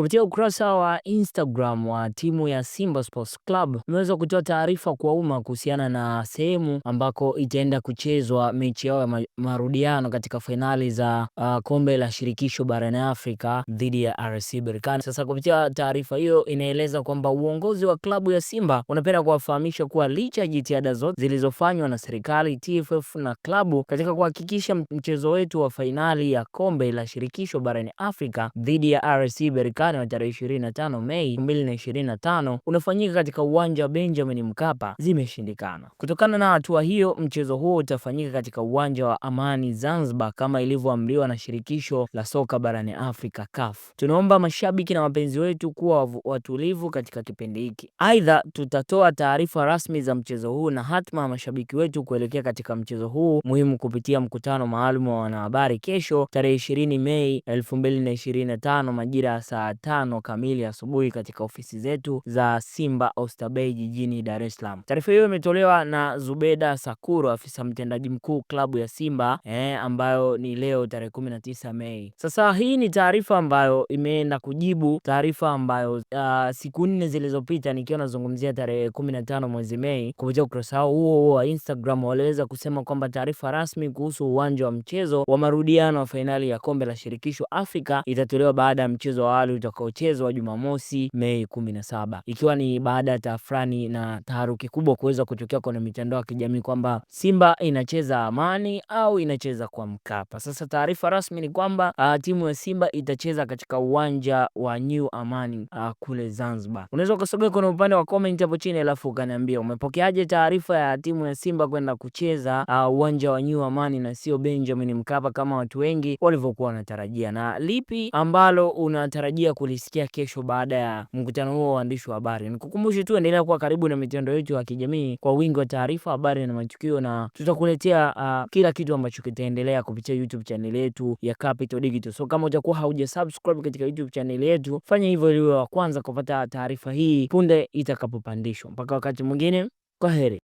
Kupitia ukurasa wa Instagram wa timu ya Simba Sports Club imeweza kutoa taarifa kwa umma kuhusiana na sehemu ambako itaenda kuchezwa mechi yao ya marudiano katika fainali za uh, kombe la shirikisho barani Afrika dhidi ya RC Berkane. Sasa kupitia taarifa hiyo inaeleza kwamba uongozi wa klabu ya Simba unapenda kuwafahamisha kuwa licha ya jitihada zote zilizofanywa na serikali, TFF na klabu katika kuhakikisha mchezo wetu wa fainali ya kombe la shirikisho barani Afrika dhidi ya RC Berkane Ushindani wa tarehe 25 Mei 2025 unafanyika katika uwanja wa Benjamin Mkapa zimeshindikana. Kutokana na hatua hiyo, mchezo huo utafanyika katika uwanja wa Amani Zanzibar kama ilivyoamriwa na shirikisho la soka barani Afrika CAF. Tunaomba mashabiki na wapenzi wetu kuwa watulivu katika kipindi hiki. Aidha, tutatoa taarifa rasmi za mchezo huu na hatma ya mashabiki wetu kuelekea katika mchezo huu muhimu kupitia mkutano maalum wa wanahabari kesho tarehe 20 Mei 2025 majira ya saa tano kamili asubuhi katika ofisi zetu za Simba Oyster jijini Dar es Salaam. Taarifa hiyo imetolewa na Zubeda Sakuru, afisa mtendaji mkuu klabu ya Simba eh, ambayo ni leo tarehe 19 Mei. Sasa hii ni taarifa ambayo imeenda kujibu taarifa ambayo uh, siku nne zilizopita nikiwa nazungumzia tarehe 15 mwezi Mei kupitia ukurasa wao huo huo wa Instagram waliweza kusema kwamba taarifa rasmi kuhusu uwanja wa mchezo wa marudiano wa fainali ya kombe la shirikisho Afrika itatolewa baada ya mchezo wa awali utakaochezwa Jumamosi Mei kumi na saba, ikiwa ni baada ya tafrani na taharuki kubwa kuweza kutokea kwenye mitandao ya kijamii kwamba Simba inacheza Amani au inacheza kwa Mkapa. Sasa taarifa rasmi ni kwamba uh, timu ya Simba itacheza katika uwanja wa New Amani uh, kule Zanzibar. Unaweza ukasogea kwenye upande wa comment hapo chini, alafu ukaniambia umepokeaje taarifa ya timu ya Simba kwenda kucheza ah, uwanja uh, wa New Amani na sio Benjamin Mkapa kama watu wengi walivyokuwa wanatarajia, na lipi ambalo unatarajia kuja kulisikia kesho baada ya mkutano huo wa waandishi wa habari. Nikukumbushe tu, endelea kuwa karibu na mitandao yetu ya kijamii kwa wingi wa taarifa, habari na matukio, na tutakuletea uh, kila kitu ambacho kitaendelea kupitia YouTube channel yetu ya Capital Digital. So kama utakuwa hauja subscribe katika YouTube channel yetu, fanya hivyo ili wa kwanza kupata taarifa hii punde itakapopandishwa. Mpaka wakati mwingine, kwa heri.